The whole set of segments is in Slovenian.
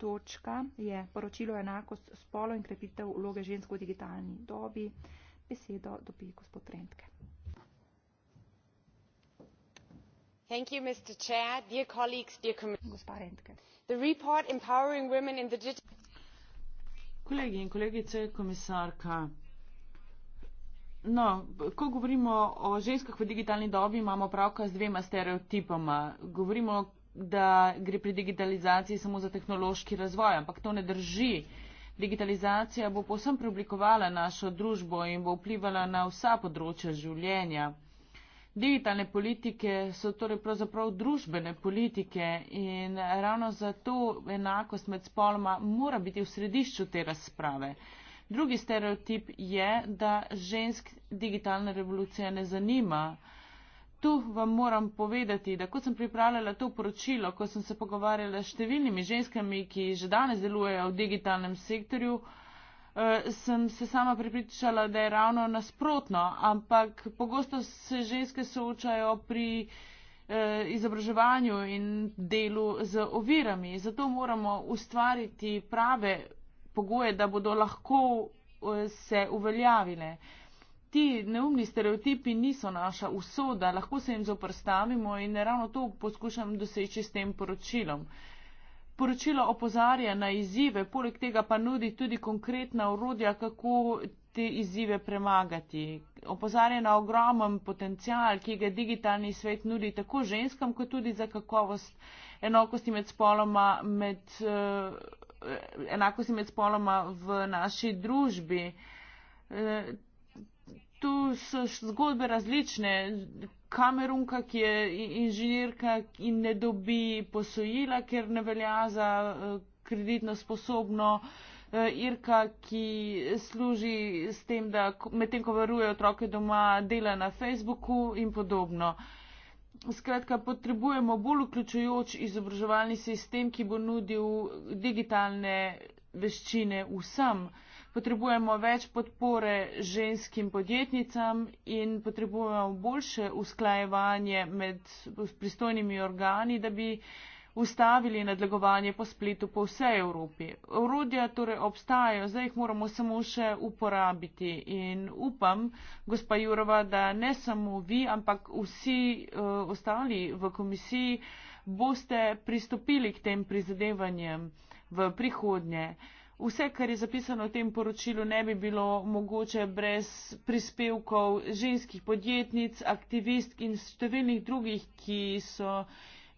točka je poročilo enakost spolo in krepitev vloge žensko v digitalni dobi. Besedo dobi gospod Trentke. Thank you, Mr. Chair, dear colleagues, dear Commissioner. The report empowering women in the digital. Kolegi in kolegice, komisarka. No, ko govorimo o ženskah v digitalni dobi, imamo pravka z dvema stereotipoma. Govorimo da gre pri digitalizaciji samo za tehnološki razvoj, ampak to ne drži. Digitalizacija bo posem preoblikovala našo družbo in bo vplivala na vsa področja življenja. Digitalne politike so torej pravzaprav družbene politike in ravno zato enakost med spoloma mora biti v središču te razprave. Drugi stereotip je, da žensk digitalna revolucija ne zanima tu vam moram povedati, da ko sem pripravljala to poročilo, ko sem se pogovarjala s številnimi ženskami, ki že danes delujejo v digitalnem sektorju, eh, sem se sama pripričala, da je ravno nasprotno, ampak pogosto se ženske soočajo pri eh, izobraževanju in delu z ovirami. Zato moramo ustvariti prave pogoje, da bodo lahko eh, se uveljavile ti neumni stereotipi niso naša usoda, lahko se jim zoprstavimo in ravno to poskušam doseči s tem poročilom. Poročilo opozarja na izzive, poleg tega pa nudi tudi konkretna urodja, kako te izzive premagati. Opozarja na ogromen potencial, ki ga digitalni svet nudi tako ženskam, kot tudi za kakovost enakosti med spoloma, med, eh, enakosti med spoloma v naši družbi. Eh, tu so zgodbe različne. Kamerunka, ki je inženirka in ne dobi posojila, ker ne velja za eh, kreditno sposobno. Eh, Irka, ki služi s tem, da medtem, ko varuje otroke doma, dela na Facebooku in podobno. Skratka, potrebujemo bolj vključujoč izobraževalni sistem, ki bo nudil digitalne veščine vsem potrebujemo več podpore ženskim podjetnicam in potrebujemo boljše usklajevanje med pristojnimi organi, da bi ustavili nadlegovanje po spletu po vsej Evropi. Orodja torej obstajajo, zdaj jih moramo samo še uporabiti in upam, gospa Jurova, da ne samo vi, ampak vsi uh, ostali v komisiji boste pristopili k tem prizadevanjem v prihodnje. Uh, vse, kar je zapisano v tem poročilu, ne bi bilo mogoče brez prispevkov ženskih podjetnic, aktivistk in številnih drugih, ki so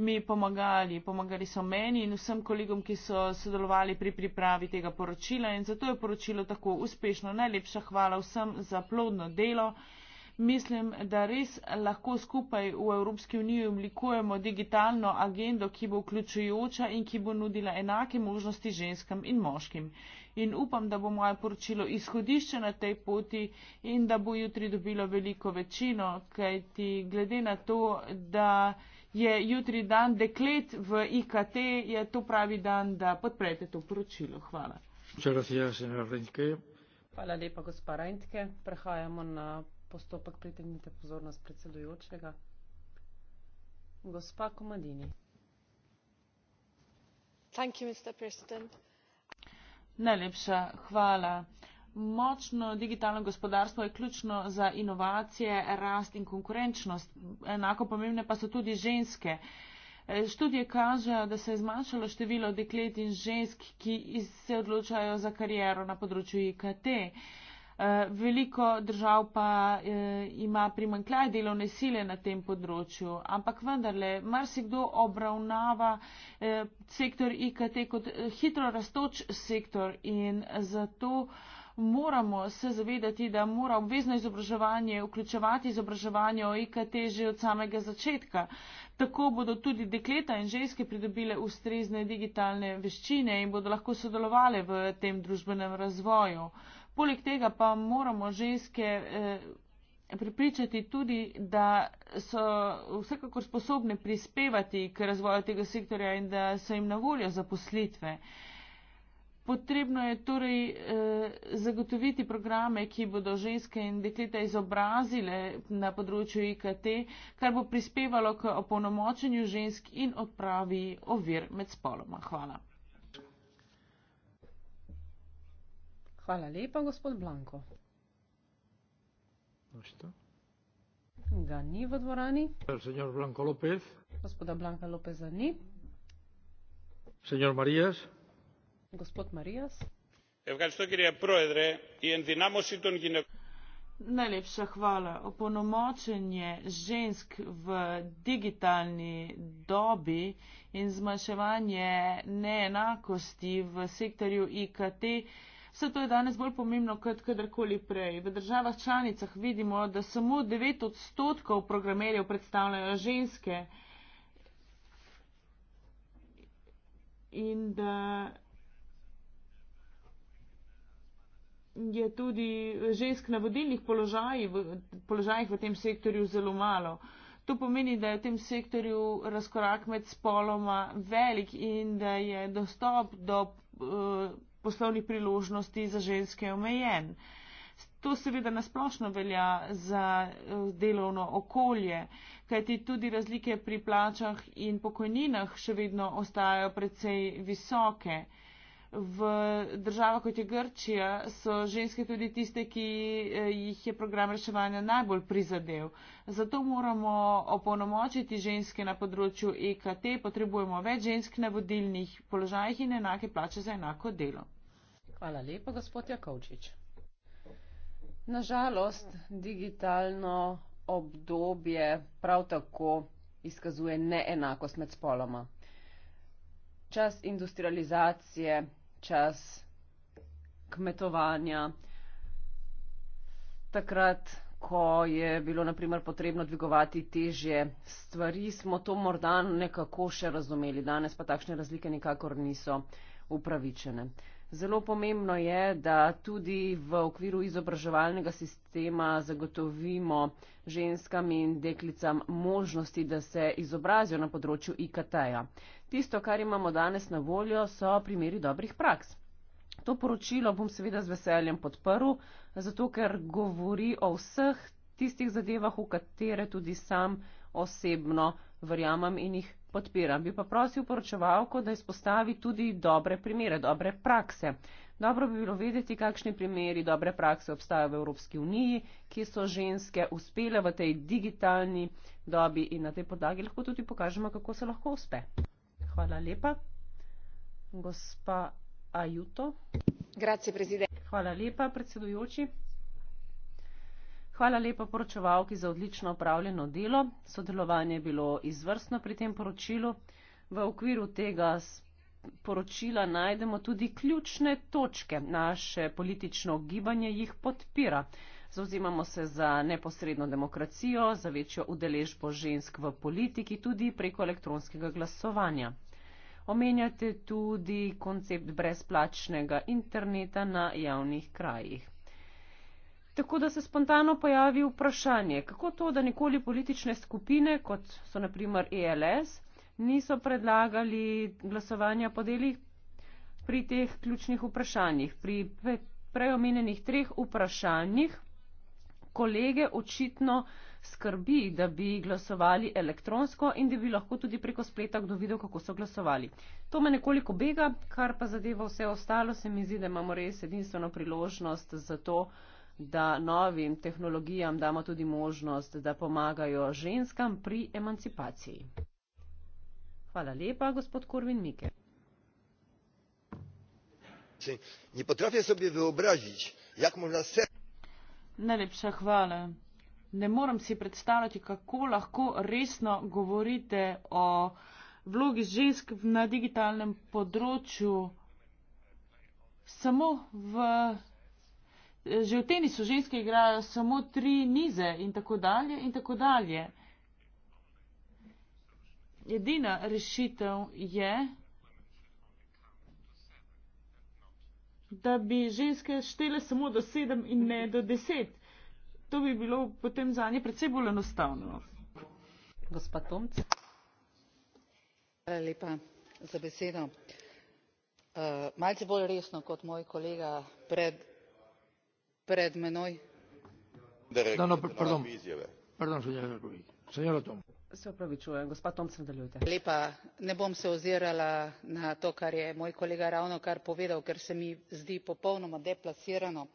mi pomagali. Pomagali so meni in vsem kolegom, ki so sodelovali pri pripravi tega poročila in zato je poročilo tako uspešno. Najlepša hvala vsem za plodno delo. Mislim, da res lahko skupaj v Evropski uniji oblikujemo digitalno agendo, ki bo vključujoča in ki bo nudila enake možnosti ženskam in moškim. In upam, da bo moje poročilo izhodišče na tej poti in da bo jutri dobilo veliko večino, kajti glede na to, da je jutri dan deklet v IKT, je to pravi dan, da podprete to poročilo. Hvala. Hvala lepa, gospa Rajntke. Prehajamo na postopek pritegnite pozornost predsedujočega. Gospa Komadini. Thank you, Mr. President. Najlepša hvala. Močno digitalno gospodarstvo je ključno za inovacije, rast in konkurenčnost. Enako pomembne pa so tudi ženske. Študije kažejo, da se je zmanjšalo število deklet in žensk, ki se odločajo za kariero na področju IKT. Eh, veliko držav pa eh, ima primankljaj delovne sile na tem področju, ampak vendarle, marsikdo obravnava eh, sektor IKT kot hitro rastoč sektor in zato moramo se zavedati, da mora obvezno izobraževanje vključevati izobraževanje o IKT že od samega začetka. Tako bodo tudi dekleta in ženske pridobile ustrezne digitalne veščine in bodo lahko sodelovali v tem družbenem razvoju. Poleg tega pa moramo ženske eh, pripričati tudi, da so vsekakor sposobne prispevati k razvoju tega sektorja in da so jim na voljo zaposlitve. Potrebno je torej eh, zagotoviti programe, ki bodo ženske in dekleta izobrazile na področju IKT, kar bo prispevalo k opolnomočenju žensk in odpravi ovir med spoloma. Hvala. Hvala lepa, gospod Blanko. Našto? No, Ga ni v dvorani. Senor Blanko Lopez. Gospoda Blanka Lopeza ni. Senor Marijas. Gospod Marijas. Evkajsto, ker je proedre in dinamo si to njine. Najlepša hvala. Oponomočenje žensk v digitalni dobi in zmanjševanje neenakosti v sektorju IKT Vse to je danes bolj pomembno kot kadarkoli prej. V državah članicah vidimo, da samo 9 odstotkov programerjev predstavljajo ženske in da je tudi žensk na vodilnih položajih v, položajih v tem sektorju zelo malo. To pomeni, da je v tem sektorju razkorak med spoloma velik in da je dostop do. Uh, poslovnih priložnosti za ženske omejen. To seveda nasplošno velja za eh, delovno okolje, kajti tudi razlike pri plačah in pokojninah še vedno ostajajo precej visoke v državah kot je Grčija so ženske tudi tiste, ki eh, jih je program reševanja najbolj prizadev. Zato moramo opolnomočiti ženske na področju EKT, potrebujemo več žensk na vodilnih položajih in enake plače za enako delo. Hvala lepa, gospod Jakovčič. Nažalost, digitalno obdobje prav tako izkazuje neenakost med spoloma. Čas industrializacije čas kmetovanja, takrat, ko je bilo naprimer potrebno dvigovati težje stvari, smo to morda nekako še razumeli, danes pa takšne razlike nikakor niso upravičene. Zelo pomembno je, da tudi v okviru izobraževalnega sistema zagotovimo ženskam in deklicam možnosti, da se izobrazijo na področju IKT-ja. Tisto, kar imamo danes na voljo, so primeri dobrih praks. To poročilo bom seveda z veseljem podprl, zato ker govori o vseh tistih zadevah, v katere tudi sam osebno verjamem in jih podpiram. Bi pa prosil poročevalko, da izpostavi tudi dobre primere, dobre prakse. Dobro bi bilo vedeti, kakšni primeri dobre prakse obstajajo v Evropski uniji, ki so ženske uspele v tej digitalni dobi in na tej podlagi lahko tudi pokažemo, kako se lahko uspe. Hvala lepa. Gospa Ajuto. Grazie, Hvala lepa, predsedujoči. Hvala lepa poročevalki za odlično upravljeno delo. Sodelovanje je bilo izvrstno pri tem poročilu. V okviru tega poročila najdemo tudi ključne točke. Naše politično gibanje jih podpira. Zauzimamo se za neposredno demokracijo, za večjo udeležbo žensk v politiki, tudi preko elektronskega glasovanja. Omenjate tudi koncept brezplačnega interneta na javnih krajih. Tako da se spontano pojavi vprašanje, kako to, da nikoli politične skupine, kot so naprimer ELS, niso predlagali glasovanja po delih pri teh ključnih vprašanjih. Pri preomenjenih treh vprašanjih kolege očitno skrbi, da bi glasovali elektronsko in da bi lahko tudi preko spleta kdo videl, kako so glasovali. To me nekoliko bega, kar pa zadeva vse ostalo, se mi zdi, da imamo res edinstveno priložnost za to, da novim tehnologijam damo tudi možnost, da pomagajo ženskam pri emancipaciji. Hvala lepa, gospod Korvin Mike. Ne potrafim sebi vyobražiti, jak možno se... Najlepša hvala. Ne moram si predstavljati, kako lahko resno govorite o vlogi žensk na digitalnem področju. Samo v že v tenisu ženske igrajo samo tri nize in tako dalje in tako dalje. Edina rešitev je, da bi ženske štele samo do sedem in ne do deset. To bi bilo potem za nje predvsej bolj enostavno. Gospa Tomc. Hvala lepa za besedo. Uh, malce bolj resno kot moj kolega pred pred menoj. No, no, Lepa. Ne bom se ozirala na to, kar je moj kolega ravno kar povedal, ker se mi zdi popolnoma deplasirano.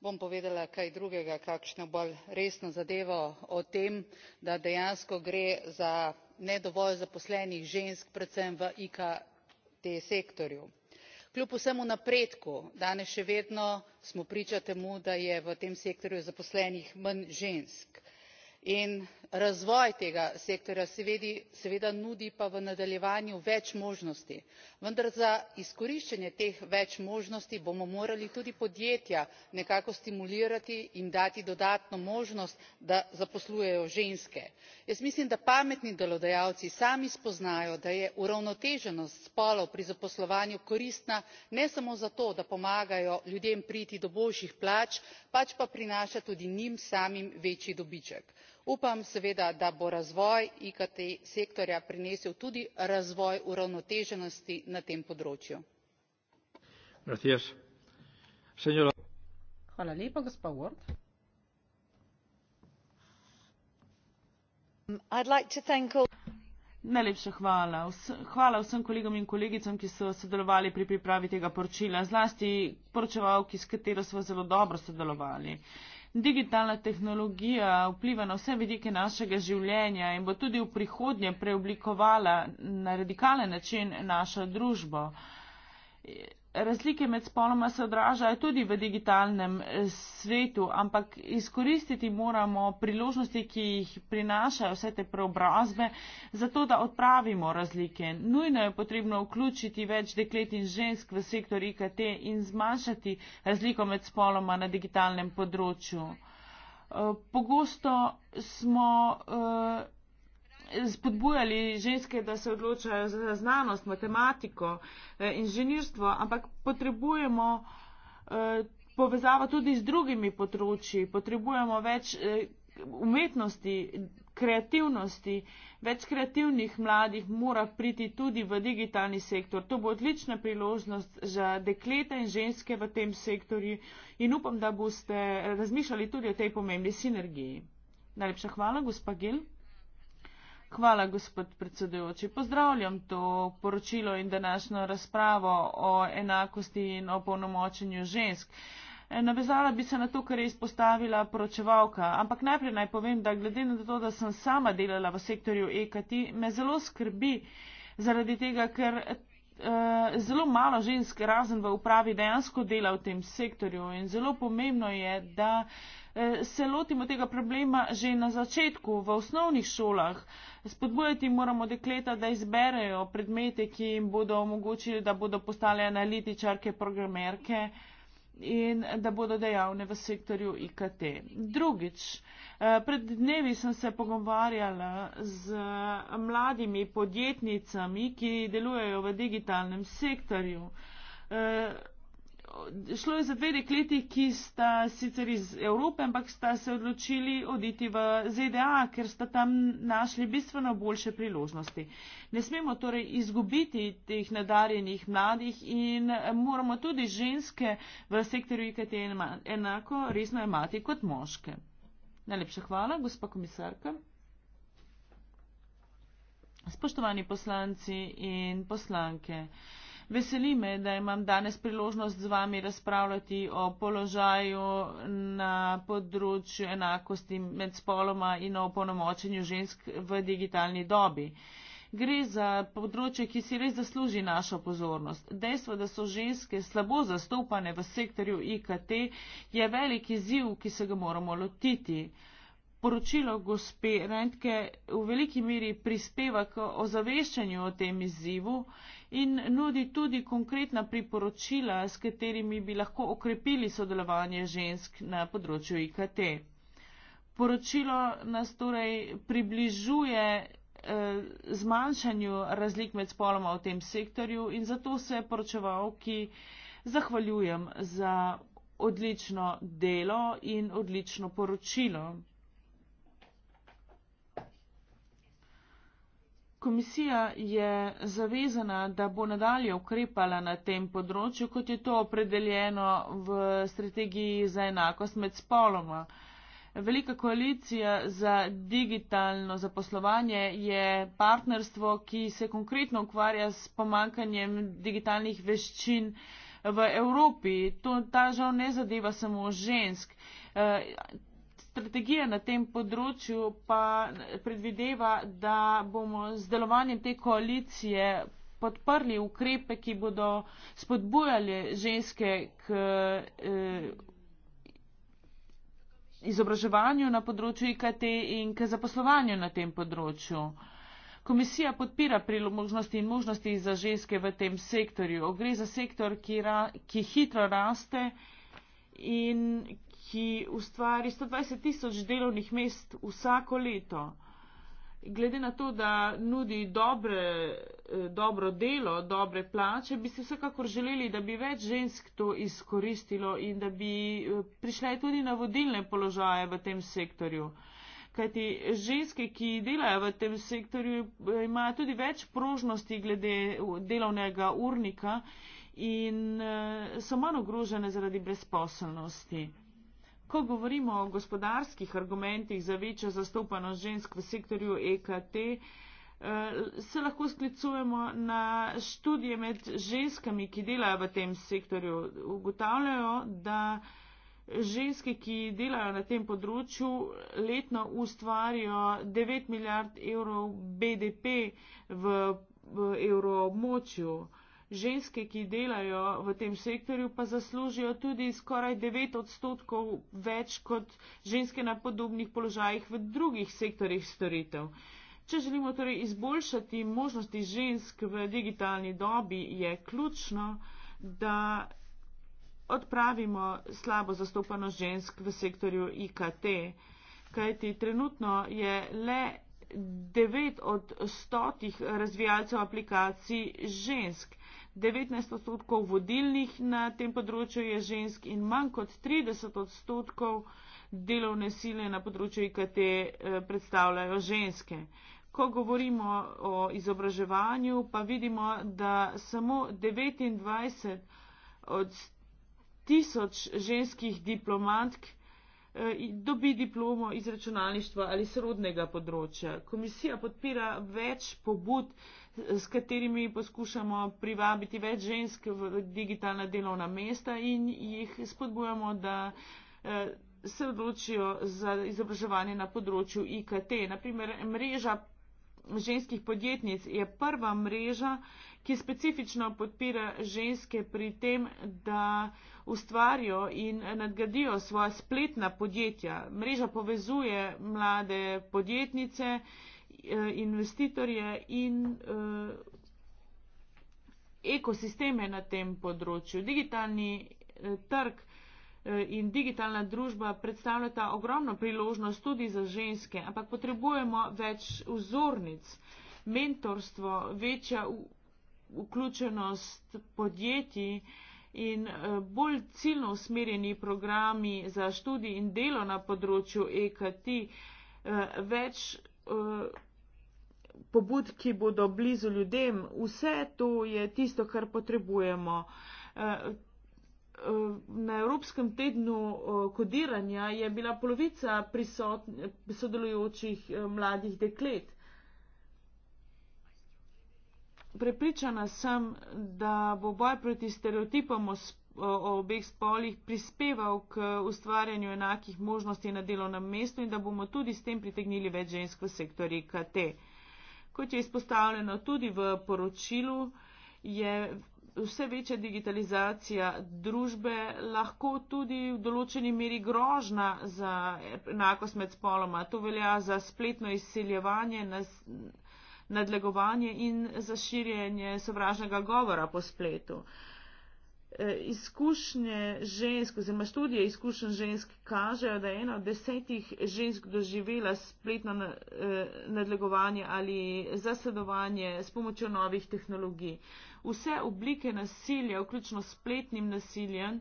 Bom povedala kaj drugega, kakšno bolj resno zadevo o tem, da dejansko gre za nedovolj zaposlenih žensk, predvsem v IKT sektorju kljub vsemu napredku danes še vedno smo priča temu da je v tem sektorju zaposlenih manj žensk in razvoj tega sektorja seveda nudi pa v nadaljevanju več možnosti vendar za izkoriščanje teh več možnosti bomo morali tudi podjetja nekako stimulirati jim dati dodatno možnost da zaposlujejo ženske. jaz mislim da pametni delodajalci sami spoznajo da je uravnoteženost spolov pri zaposlovanju koristna ne samo zato da pomagajo ljudem priti do boljših plač pač pa prinaša tudi njim samim večji dobiček upam seveda da bo razvoj ikt sektorja prinesel tudi razvoj uravnoteženosti na tem področju. Um, najlepša hvala. hvala vsem kolegom in kolegicam ki so sodelovali pri pripravi tega poročila zlasti poročevalki s katero sva zelo dobro sodelovali digitalna tehnologija vpliva na vse vidike našega življenja in bo tudi v prihodnje preoblikovala na radikalen način našo družbo razlike med spoloma se odražajo tudi v digitalnem eh, svetu, ampak izkoristiti moramo priložnosti, ki jih prinašajo vse te preobrazbe, zato da odpravimo razlike. Nujno je potrebno vključiti več deklet in žensk v sektor IKT in zmanjšati razliko med spoloma na digitalnem področju. Eh, pogosto smo. Uh, spodbujali ženske, da se odločajo za znanost, matematiko, eh, inženirstvo, ampak potrebujemo eh, povezava tudi z drugimi področji, potrebujemo več eh, umetnosti, kreativnosti, več kreativnih mladih mora priti tudi v digitalni sektor. To bo odlična priložnost za dekleta in ženske v tem sektorju in upam, da boste razmišljali tudi o tej pomembni sinergiji. Najlepša hvala, gospa Gil. Hvala, gospod predsedujoči. Pozdravljam to poročilo in današnjo razpravo o enakosti in o polnomočenju žensk. E, navezala bi se na to, kar je izpostavila poročevalka, ampak najprej naj povem, da glede na to, da sem sama delala v sektorju EKT, me zelo skrbi zaradi tega, ker eh, zelo malo žensk razen v upravi dejansko dela v tem sektorju in zelo pomembno je, da. Eh, se lotimo tega problema že na začetku, v osnovnih šolah. Spodbujati moramo dekleta, da izberejo predmete, ki jim bodo omogočili, da bodo postale analitičarke, programerke in da bodo dejavne v sektorju IKT. Drugič, eh, pred dnevi sem se pogovarjala z mladimi podjetnicami, ki delujejo v digitalnem sektorju. Eh, šlo je za dve dekleti, ki sta sicer iz Evrope, ampak sta se odločili oditi v ZDA, ker sta tam našli bistveno boljše priložnosti. Ne smemo torej izgubiti teh nadarjenih mladih in moramo tudi ženske v sektorju IKT enako resno imati kot moške. Najlepša hvala, gospa komisarka. Spoštovani poslanci in poslanke. Veseli me, da imam danes priložnost z vami razpravljati o položaju na področju enakosti med spoloma in o ponomočenju žensk v digitalni dobi. Gre za področje, ki si res zasluži našo pozornost. Dejstvo, da so ženske slabo zastopane v sektorju IKT, je veliki ziv, ki se ga moramo lotiti. Poročilo gospe Rentke v veliki miri prispeva k ozaveščanju o tem izzivu in nudi tudi konkretna priporočila, s katerimi bi lahko okrepili sodelovanje žensk na področju IKT. Poročilo nas torej približuje eh, zmanjšanju razlik med spoloma v tem sektorju in zato se poročevalki zahvaljujem za odlično delo in odlično poročilo. Komisija je zavezana, da bo nadalje ukrepala na tem področju, kot je to opredeljeno v strategiji za enakost med spoloma. Velika koalicija za digitalno zaposlovanje je partnerstvo, ki se konkretno ukvarja s pomankanjem digitalnih veščin v Evropi. To ta žal ne zadeva samo žensk. Eh, strategija na tem področju pa predvideva, da bomo z delovanjem te koalicije podprli ukrepe, ki bodo spodbujali ženske k eh, izobraževanju na področju IKT in k zaposlovanju na tem področju. Komisija podpira priložnosti in možnosti za ženske v tem sektorju. Gre za sektor, ki, ra, ki hitro raste in ki ustvari 120 tisoč delovnih mest vsako leto. Glede na to, da nudi dobre, eh, dobro delo, dobre plače, bi si vsekakor želeli, da bi več žensk to izkoristilo in da bi eh, prišle tudi na vodilne položaje v tem sektorju. Kajti ženske, ki delajo v tem sektorju, eh, imajo tudi več prožnosti glede delovnega urnika in so manj ogrožene zaradi brezposelnosti. Ko govorimo o gospodarskih argumentih za večjo zastopanost žensk v sektorju EKT, eh, se lahko sklicujemo na študije med ženskami, ki delajo v tem sektorju. Ugotavljajo, da ženske, ki delajo na tem področju, letno ustvarijo 9 milijard evrov BDP v, v evroobmočju ženske, ki delajo v tem sektorju, pa zaslužijo tudi skoraj 9 odstotkov več kot ženske na podobnih položajih v drugih sektorjih storitev. Če želimo torej izboljšati možnosti žensk v digitalni dobi, je ključno, da odpravimo slabo zastopano žensk v sektorju IKT, kajti trenutno je le 9 od 100 razvijalcev aplikacij žensk. 19 odstotkov vodilnih na tem področju je žensk in manj kot 30 odstotkov delovne sile na področju IKT eh, predstavljajo ženske. Ko govorimo o izobraževanju, pa vidimo, da samo 29 od tisoč ženskih diplomantk eh, dobi diplomo iz računalništva ali srodnega področja. Komisija podpira več pobud s katerimi poskušamo privabiti več žensk v digitalna delovna mesta in jih spodbujamo, da eh, se odločijo za izobraževanje na področju IKT. Naprimer, mreža ženskih podjetnic je prva mreža, ki specifično podpira ženske pri tem, da ustvarijo in nadgradijo svoja spletna podjetja. Mreža povezuje mlade podjetnice. Eh, investitorje in eh, ekosisteme na tem področju. Digitalni eh, trg in digitalna družba predstavljata ogromno priložnost tudi za ženske, ampak potrebujemo več vzornic, mentorstvo, večja vključenost podjetij in bolj ciljno usmerjeni programi za študij in delo na področju EKT, več pobud, ki bodo blizu ljudem, vse to je tisto, kar potrebujemo. Eh, eh, na Evropskem tednu eh, kodiranja je bila polovica sodelujočih mladih deklet. Prepričana sem, da bo boj proti stereotipom o, o obeh spolih prispeval k ustvarjanju enakih možnosti na delovnem mestu in da bomo tudi s tem pritegnili več žensk v sektorji KT. Kot je izpostavljeno tudi v poročilu, je vse večja digitalizacija družbe lahko tudi v določeni meri grožna za enakost med spoloma. To velja za spletno izseljevanje, nadlegovanje in za širjenje sovražnega govora po spletu. Uh, Eh, izkušnje žensk oziroma študije izkušenj žensk kažejo, da je ena od desetih žensk doživela spletno eh, nadlegovanje ali zasledovanje s pomočjo novih tehnologij. Vse oblike nasilja, vključno spletnim nasiljem,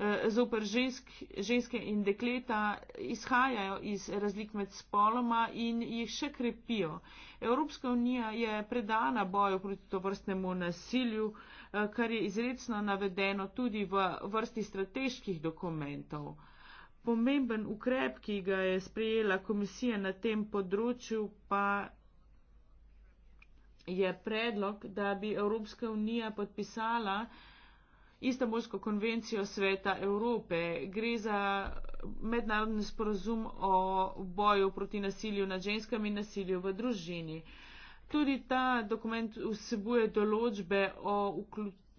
Eh, zoper žensk, ženske in dekleta izhajajo iz razlik med spoloma in jih še krepijo. Evropska unija je predana boju proti to vrstnemu nasilju, eh, kar je izredno navedeno tudi v vrsti strateških dokumentov. Pomemben ukrep, ki ga je sprejela komisija na tem področju, pa je predlog, da bi Evropska unija podpisala Istanbulsko konvencijo sveta Evrope. Gre za mednarodni sporozum o boju proti nasilju nad ženskami in nasilju v družini. Tudi ta dokument vsebuje določbe o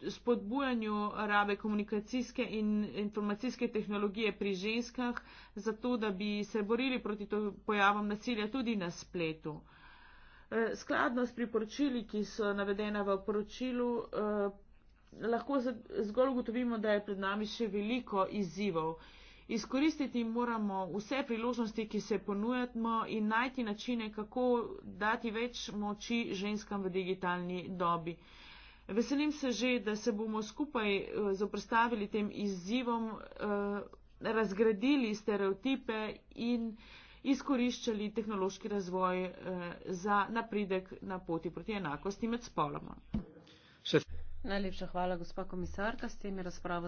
spodbujanju rabe komunikacijske in informacijske tehnologije pri ženskah, zato da bi se borili proti pojavom nasilja tudi na spletu. Eh, skladno s priporočili, ki so navedena v poročilu, eh, lahko zgolj ugotovimo, da je pred nami še veliko izzivov. Izkoristiti moramo vse priložnosti, ki se ponujamo in najti načine, kako dati več moči ženskam v digitalni dobi. Veselim se že, da se bomo skupaj eh, zoprstavili tem izzivom, eh, razgradili stereotipe in izkoriščali tehnološki razvoj eh, za napredek na poti proti enakosti med spoloma. Še. Najlepša hvala, gospa komisarka, s tem je razprava.